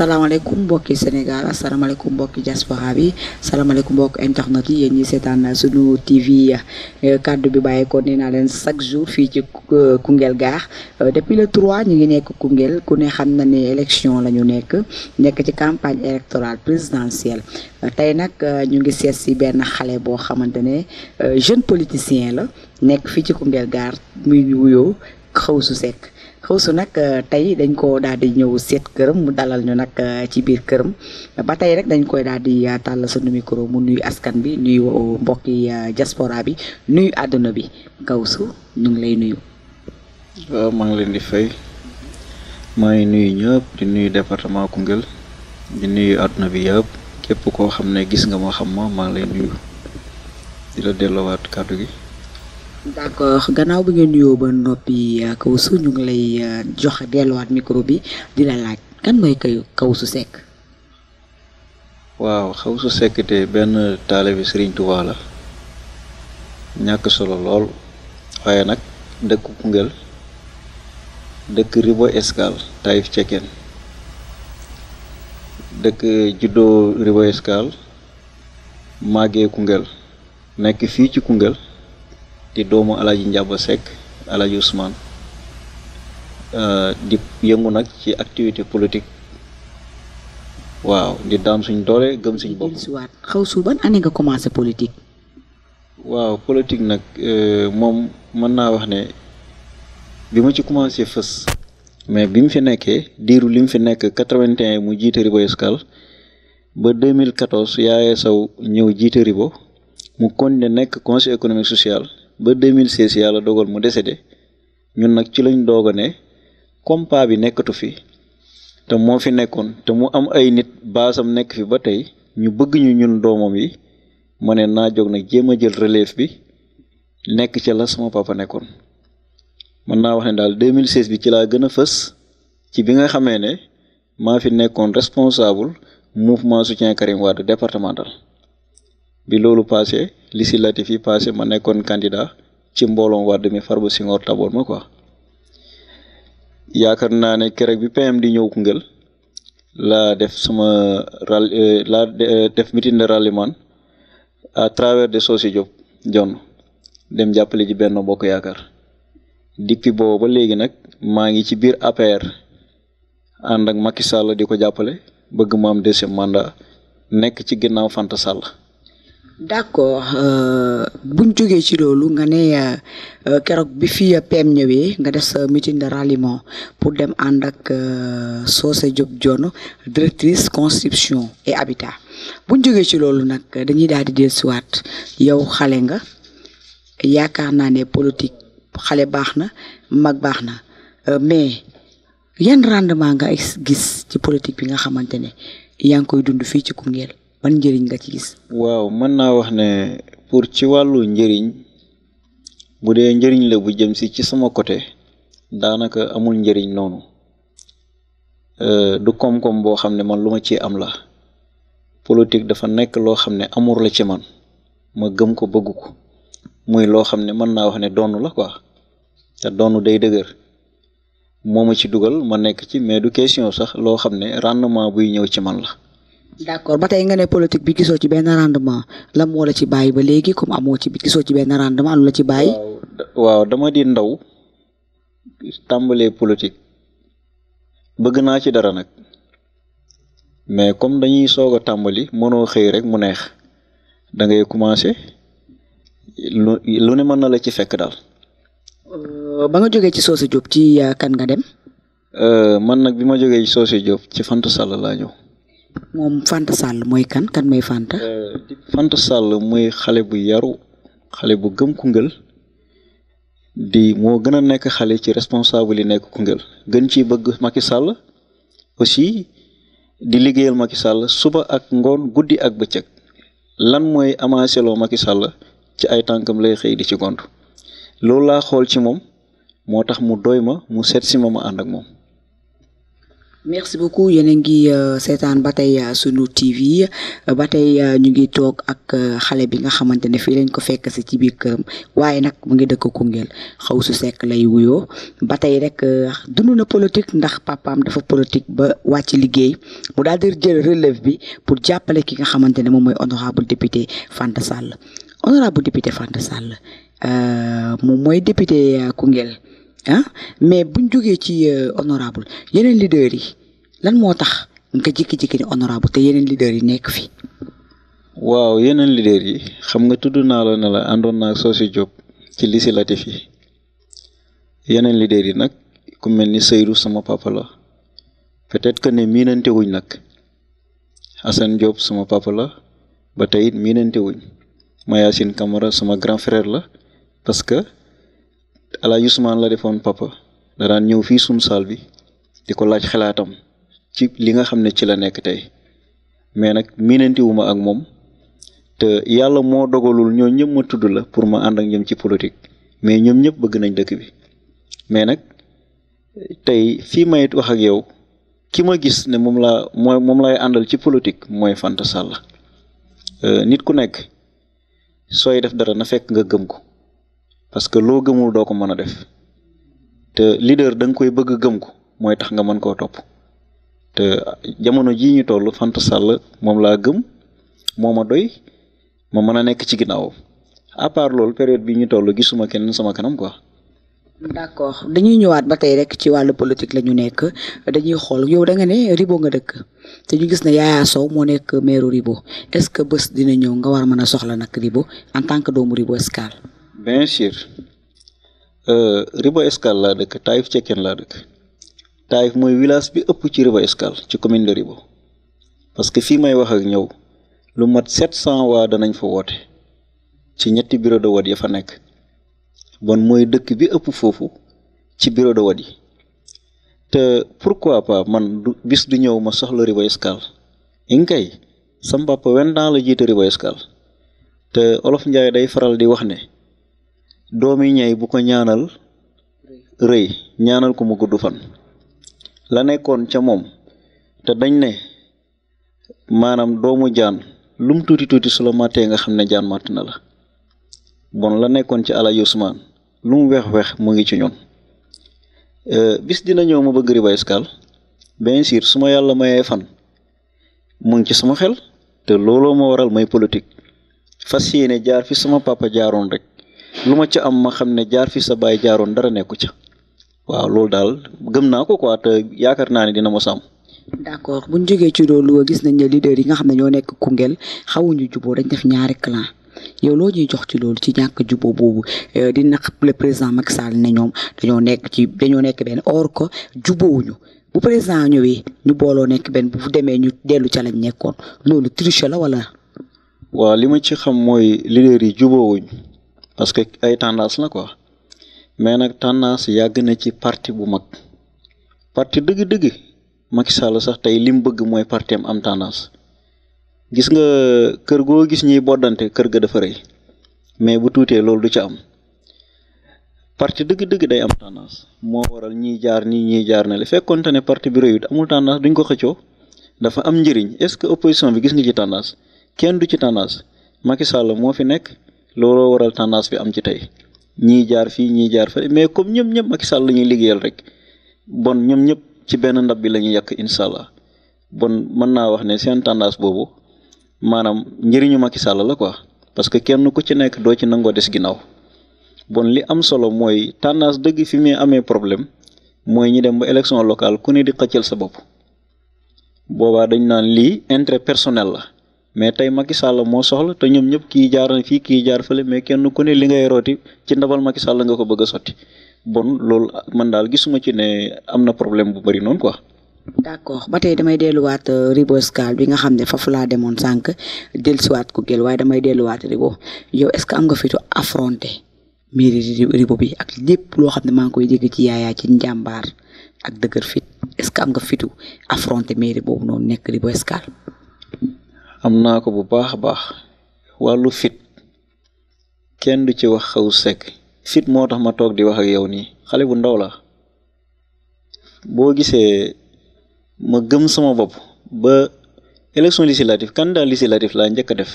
salaamaaleykum mbokki Sénégal asalaamaaleykum mbokki diaspora bi salaamaaleykum mbokki internet yi yéen ñi seetaan sunu TV eh, kàddu bi bàyyeekoo ko naa leen chaque jour fii ci eh, Koungheul Gare eh, depuis le 3 ñu ngi nekk Koungheul ku ne xam na ne élection la ñu nekk nekk ci campagne électorale présidentielle tey nag ñu ngi seet si benn xale boo xamante ne jeune politicien la nekk fii ci Koungheul Gare muy wuyoo su Sekk su nag euh, tey dañ ko daal di ñëw seet këram mu dalal ñu nag euh, ci biir këram ba tey rek dañ koy daal di euh, tàll suñu micro mu nuyu askan bi nuyu mbokki diaspora bi nuyu àdduna bi Xewsu ñu ngi lay nuyu. waaw maa ngi leen di fay maa ngi nuyu ñëpp di nuyu département Koungheul di nuyu àdduna bi yëpp képp koo xam ne gis nga moo xam ma maa ngi lay nuyu di la delloowaat kàddu gi. d'accord gannaaw bi ngeen nuyoo ba noppi euh, Kawsu ñu ngi lay euh, jox delluwaat micro bi di la laaj kan mooy kay Kawsu Seck. waaw Kawsu Seck te benn taalibe bi Touba la ñàkk solo lool waaye nag dëkk Koungheul dëkk Ribo Escale Taïf Cekkeen dëkk juddoo Ribo Escale màggee Koungheul nekk fii ci Koungheul. di doomu alaaji Njaaba Sekk alaaji Ousmane euh, di yëngu nag ci activité politique waaw di daam suñ doole gëm suñ bopp xaw su ban année nga commencé politique waaw politique nag euh, moom mën naa wax ne bi ma ci commencé fës mais bi mu fi nekkee diiru li mu fi nekk 81 mu jiite Ribo Escale ba 2014 Yaaya Sow ñëw jiite Ribo mu kon ne nekk conseil économique social ba 2016 yàlla dogal mu décédé ñun nag ci lañ doog a ne comme bi nekkatu fi te moo fi nekkoon te mu am ay nit baasam nekk fi ba tey ñu bëgg ñu ñun doomam yi ma ne naa jóg nag jéem a jël relève bi nekk ca la sama papa nekkoon mën naa wax ne daal 2016 bi ci laa gën a fës ci bi nga xamee ne maa fi nekkoon responsable mouvement soutien Karim Wade départemental bi loolu passé législatif yi passé ma nekkoon candidat ci mbooloom Wade mi Farba Senghor taboon ma quoi yaakaar naa ne keroog bi PM di ñëw Koungheul laa def sama ral euh, laa euh, def meeting de ralliement à travers de Socé Diop John dem jàppale ji benn bokk yaakaar depuis boobu ba léegi nag maa ngi ci biir APR ànd ak Macky Sall di ko jàppale bëgg mu am deuxième mandat nekk ci ginnaaw Fanta Sall. d' accord %e euh, buñ jógee ci loolu nga ne %e keroog bi fi PM ñëwee nga def sa meeting de :fra pour dem ànd ak %e Socé Diop Dione directrice :fra construction et habitat buñ jógee ci loolu nag dañuy daal di dellusiwaat yow xale nga yaakaar naa ne politique :fra xale baax na mag baax na mais :fra yan rendement nga nga gis ci politique bi nga xamante ne yaa ngi koy dund fii ci Koungheul njëriñ nga ci gis waaw mën naa wax ne pour ci wàllu njëriñ bu dee njëriñ la bu jëm si ci sama côté daanaka amul njëriñ noonu uh, du koom-koom boo xam ne man lu ma ci am la politique dafa nekk loo xam ne amour la ci man ma gëm ko bëggu ko muy loo xam ne mën naa wax ne doonu la ko te doonu day dëgër moo ma ci dugal ma nekk ci mais du question sax loo xam ne rendement buy ñëw ci man la d'accord ba tey nga ne politique bi gisoo ci benn rendement la moo la ci bàyyi ba léegi comme amoo ci gisoo ci benn rendement lu la ci bàyyi. waaw dama di ndaw tàmbalee politique bëgg naa ci dara nag mais comme dañuy soog a tàmbali mënoo xëy rek mu neex da ngay commencer lu ne mën na la ci fekk daal. Euh, ba nga jógee ci Socé Diop ci euh, kan nga dem. Euh, man nag bi ma jógee ci Socé Diop ci Fanta Sall laa ñëw. moom Fanta Sall mooy kan kan mooy Fanta. Euh, Fanta Sall mooy xale bu yaru xale bu gëm Koungheul di moo gën a nekk xale ci responsable yi nekk Koungheul gën ci bëgg Macky Sall aussi di liggéeyal Macky sàll suba ak ngoon guddi ak bëccëg lan mooy amaaseloo Macky Sall ci ay tànkam lay xëy di ci gont loolu laa xool ci moom moo tax mu doy ma mu seet si ma ma ànd ak moom. merci beaucoup yéen a ngi euh, seetaan ba tey euh, sunu TV euh, ba tey ñu ngi toog ak xale bi nga xamante ne fii lañ ko fekk si ci biir këram waaye nag mu ngi dëkk xaw su Sekk lay wuyo ba tey rek dund na politique ndax papaam dafa politique ba wàcc liggéey mu daal di jël relève bi pour jàppale ki nga xamante ne moom mooy honorable député Fanta Sall honorable député Fanta Sall moom mooy député Koungheul Ah, mais buñ jógee ci euh, honorable yeneen leader yi lan moo tax nga jékki-jékki ni honorable te yeneen leader yi nekk fi waaw yeneen leader yi xam nga tudd naa la ne la àndoon naa Socé Diop ci législatif yi yeneen leader yi nag ku mel ni Seydou sama papa la peut-être que ne miinantewuñ nag Assane jóob sama papa la ba tey it miinante wuñ Mayacine Camara sama grand frère la parce Alaaji Usmaan la defoon papa da ñëw fii suñu saal bi di ko laaj xalaatam ci li nga xam ne ci la nekk tey mais nag miinantiwuma ak moom te yàlla moo dogalul ñoo ñëpp ma tudd la pour ma ànd ak ñoom ci politique mais ñoom ñëpp bëgg nañ dëkk bi mais nag tey fii may wax ak yow ki ma gis ne moom laa mooy moom lay àndal ci politique mooy Fanta Sall euh, nit ku nekk sooy def dara na fekk nga gëm ko parce que loo gëmul doo ko mën a def te leader da nga koy bëgg gëm ko mooy tax nga mën koo topp te jamono jii ñu toll Fanta Sall moom laa gëm moo ma doy ma mën a nekk ci ginnaaw à loolu période bi ñu toll gisuma kenn sama kanam quoi. d'accord dañuy ñëwaat ba tey rek ci wàllu politique la ñu nekk dañuy xool yow da nga ne Ribo nga dëkk te ñu gis ne Yaya Sow moo nekk maire Ribo est-ce que bés dina ñëw nga war a mën a soxla nag Ribo en tant que doomu Ribo Escale. bien sûr euh, Ribo Escale laa dëkk Taïf Cekkeen laa dëkk Taïf mooy village bi ëpp ci Ribo Escale ci commune de Ribo parce que fii may wax ak ñëw lu mat sept cent waa danañ fa woote ci ñetti bureau de vote ya fa nekk bon mooy dëkk bi ëpp foofu ci bureau de vote yi te pourquoi pas man bis du ñëw ma soxla Ribo Escale inga kay sam papa vingt ans la jiite Ribo Escale te Olof Njaay day faral di wax ne doomi ñay bu ko ñaanal rëy ñaanal ko mu gudd fan la nekkoon ca moom te dañ ne maanaam doomu jaan lum tuuti tuuti su la màttee nga xam ne jaan matt na la bon la nekkoon ci ala Usmaan lu weex weex mu ngi ci ñun euh, bis dina ñëw ma bëgg Riba Escale bien sûr su ma yàlla mayee fan mu ngi ci sama xel te looloo ma waral may politique fas yéene jaar fi sama papa jaaroon rek lu ma ca am ma xam ne jaar fi sa baay jaaroon dara nekku ca waaw loolu daal gëm naa ko ko te yaakaar naa ne dina mos a am. d'accord bu ñu jógee ci loolu gis nañ ne leader yi nga xam ne ñoo nekk Koungheul xawuñu juboo dañ def ñaari clan yow loo ñuy jox ci loolu ci ñàkk juboo boobu euh, di nag le président Macky Sall ne ñoom dañoo nekk ci dañoo nekk benn or ko ñu bu président ñëwee ñu booloo nekk benn bu demee ñu dellu ca lañ nekkoon loolu triche la wala. waaw li ma ci xam mooy leader yi jubóowuñu parce que ay tendance la ko mais nag tendance yàgg na ci parti bu mag parti dëgg-dëgg Macky Sall sax tey li mu bëgg mooy parti am am gis nga kër goo gis ñiy boddante kër ga dafa rëy mais bu tuutee loolu du ci am parti dëgg-dëgg day am tendance moo waral ñiy jaar nii ñiy jaar na li fekkoonte ne parti bi rëyut amul tendance duñ ko xëccoo dafa am njëriñ est-ce que opposition bi gis nga ci tendance kenn du ci tendance Macky Sall moo fi nekk looloo waral tendance bi am ci tey ñii jaar fii ñii jaar fa mais comme ñoom ñëpp Macky Sall la ñuy liggéeyal rek bon ñoom ñëpp ci benn ndab bi la ñuy yàq incha allah bon mën naa wax ne seen tendance boobu maanaam njëriñu Macky Sall la ko parce que kenn ku ci nekk doo ci nangoo des ginnaaw bon li am solo mooy tendance dëgg fi muy amee problème mooy ñi dem ba élection locale ku ne di xëccal sa bopp boobaa dañu naan lii intérêt personnel la mais tey Macky Sall moo soxla te ñoom ñëpp kii jaar na fii kii jaar fële mais kenn ku ne li nga rooti ci ndabal Macky la nga ko bëgg a sotti bon loolu man daal gisuma ci ne am na problème bu bëri noonu quoi. d'accord ba tey damay delluwaat euh, riboscal bi nga xam ne foofu laa demoon sànq dellusiwaat ku gel waaye damay delluwaat ribo yow est-ce que am nga fitu affronter mairie ribo bi ak lépp loo xam ne maa ngi koy dégg ci yaayaa ci njàmbaar ak dëgër fit est-ce que am nga fitu affronter mairie boobu noonu nekk riboscal. am naa ko bu baax a baax wàllu fit kenn du ci wax xaw sekk fit moo tax ma toog di wax ak yow nii xale bu ndaw la boo gisee ma gëm sama bopp ba élection législative candidat législative laa njëkk a def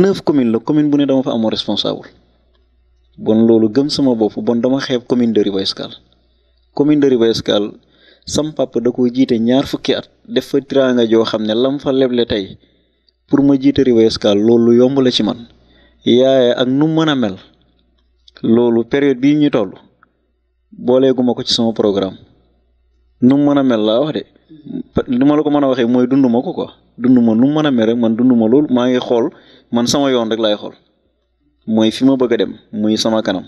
neuf commune la commune bu ne dama fa amoo responsable bon loolu gëm sama bopp bon dama xeeb commune de Ribot Escale commune de Ribot Escale sam papa da ko jiite ñaar fukki at def fa tiraanga joo xam ne lam fa leble tey pour ma jiite Rivo Escale loolu yomb la ci man yaaye ak nu mën a mel loolu période bii ñu toll booleeguma ko ci sama programme nu mën a mel laa wax de du ma la ko mën a waxee mooy dund ma ko quoi dund ma nu mën a mel rek man dund ma loolu maa ngi xool man sama yoon rek laay xool mooy fi ma bëgg a dem muy sama kanam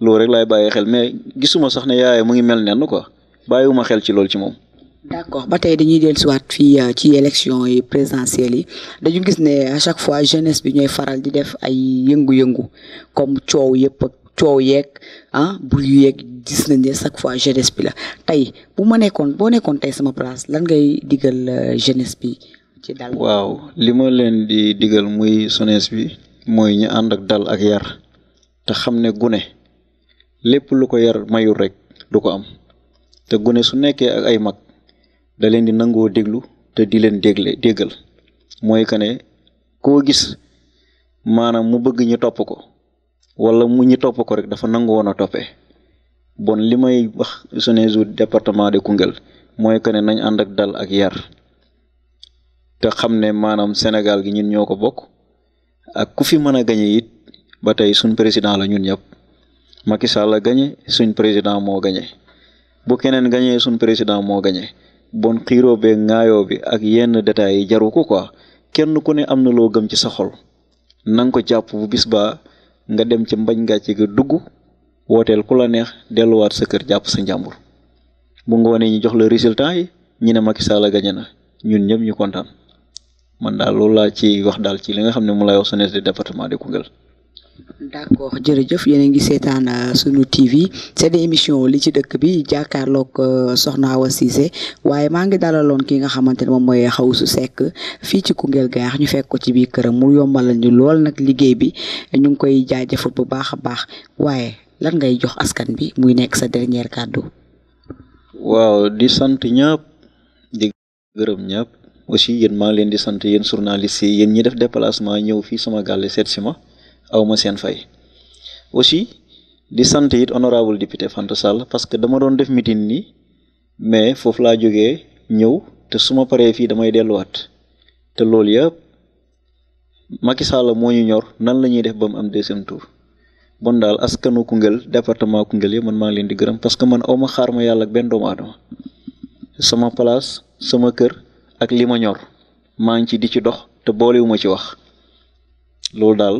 loolu rek lay bàyyi xel mais gisuma sax ne yaaye mu ngi mel nenn quoi bàyyiwuma xel ci loolu ci moom. d'accord ba tey dañuy dellusiwaat fii euh, ci élection yi présidentielles yi dañu gis ne chaque fois jeunesse bi ñooy faral di def ay yëngu-yëngu comme coow yëpp ak coow yeeg ah bruit yeeg gis nañ ne chaque fois jeunesse bi la tey bu ma nekkoon boo nekkoon tey sama place lan ngay digal euh, jeunesse bi ci dal waaw li ma leen di digal muy jeunesse bi mooy ñu ànd ak dal ak yar te xam ne gune lépp lu ko yar mayul rek du ko am te gune su nekkee ak ay mag da leen di nangoo déglu te di leen dégle dégal mooy que ne koo gis maanaam mu bëgg ñu topp ko wala mu ñu topp ko rek dafa nangu woon a toppee bon li may wax SONES département de Koungheul mooy que ne nañ ànd ak dal ak yar te xam ne maanaam Sénégal gi ñun ñoo ko bokk ak ku fi mën a gañe it ba tey suñ président la ñun ñëpp Macky Sall la gañe suñ président moo gañe bu keneen gañee suñ président moo gañe bon xiiroo bee ngaayo bi ak yenn détails yi jaru ko quoi kenn ku ne am na loo gëm ci sa xol na ko jàpp bu bis baa nga dem ci mbañ ci ga dugg wooteel ku la neex delluwaat sa kër jàpp sa njàmbur bu ngoonee ñu jox la résultat yi ñu ne Macky Sall gañe na ñun ñëpp ñu kontaan man daal loolu ci wax daal ci li nga xam ne mu lay wax jeunesse de département de Koungheul d'accord jërëjëf yéen a ngi seetaan euh, sunu TV seen émission li ci dëkk bi jàkkaarloog euh, Soxna Awa Cissé waaye maa ngi dalaloon ki nga xamante ne moom mooy su Seck fii ci Koungheul gaax ñu fekk ko ci biir këram mu yombalal ñu lool nag liggéey bi ñu ngi koy jaajëfal bu baax a baax waaye lan ngay jox askan bi muy nekk sa dernier kàddu. waaw di sant ñëpp di gërëm ñëpp aussi yéen maa ngi leen di sant yéen journaliste yi yéen ñi def déplacement ñëw fii sama gàll seet si ma. aw ma seen fay aussi di sant it honorable député Fanta Sall parce que dama doon def meeting nii mais foofu laa jógee ñëw te su ma paree fii damay delluwaat te loolu yëpp Macky Sall moo ñu ñor nan la ñuy def ba mu am deuxième tour bon daal askanu Koungheul departement Koungheul yi man maa ngi leen di gërëm parce que man awma xaar ma yàlla ak benn doomu sama place sama kër ak li ma ñor maa ngi ci di ci dox te boolewuma ci wax loolu daal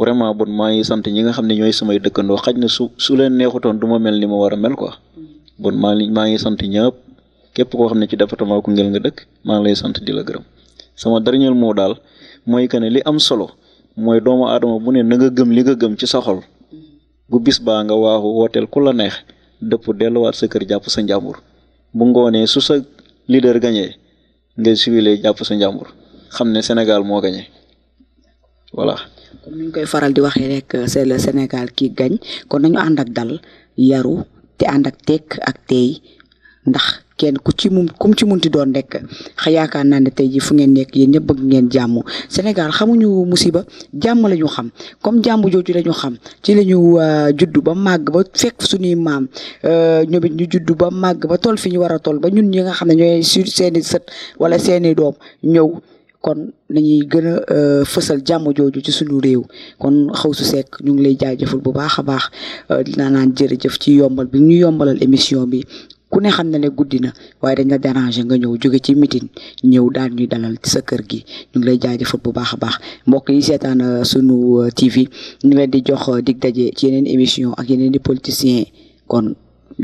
vraiment bon maa ngi sant ñi nga xam ne ñooy samay dëkkandoo xaj na su su leen neexutoon du ma mel ni ma war a mel quoi mm. bon maa ngi maa ngi sant ñëpp képp ko xam ne ci département Koungheul nga dëkk maa ngi lay sant di la gërëm sama dernier moo daal mooy que ne li am solo mooy doomu aadama bu ne na nga gëm li nga gëm ci sa xol mm. bu bis baa nga waaxu wooteel ku la neex dëpp delluwaat sa kër jàpp sa njàmbur bu ngoonee su sa leader gañee nga siwile jàpp sa njàmbur xam ne Sénégal moo gañee comme ngi koy faral di waxee rek euh, c'est le Sénégal qui gagne kon nañu ànd ak dal yaru te ànd ak tekk ak tey ndax kenn ku ci mum kum ci munti doon nekk xa yaakaar naa ne tey jii fu ngeen nekk yéen ñëpp bëgg ngeen jàmm Sénégal xamuñu musiba jàmm la ñu xam comme jàmm jooju la xam ci la ñu euh, juddu ba màgg ba fekk suñuy maam euh, ñoom it ñu juddu ba màgg ba toll fi ñu war a toll ba ñun ñi nga xam ne ñooy sur seeni sët wala seeni doom ñëw kon nañuy gën a euh, fësal jàmm jooju ci suñu réew kon su Sekk ñu ngi lay jaajëfal bu baax a baax euh, dinaa naan jërëjëf ci yombal bi ñu yombalal émission bi ku ne xam na ne guddi na waaye dañ la déranger nga ñëw jóge ci mitin ñëw daal ñuy dalal ci sa kër gi ñu ngi lay jaajëfal bu baax a baax mbokk yi seetaan euh, sunu TV ñu leen di jox dig daje ci yeneen émission ak yeneen di politiciens kon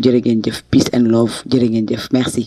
jërë ngeen jëf peace and love jërë ngeen jëf merci.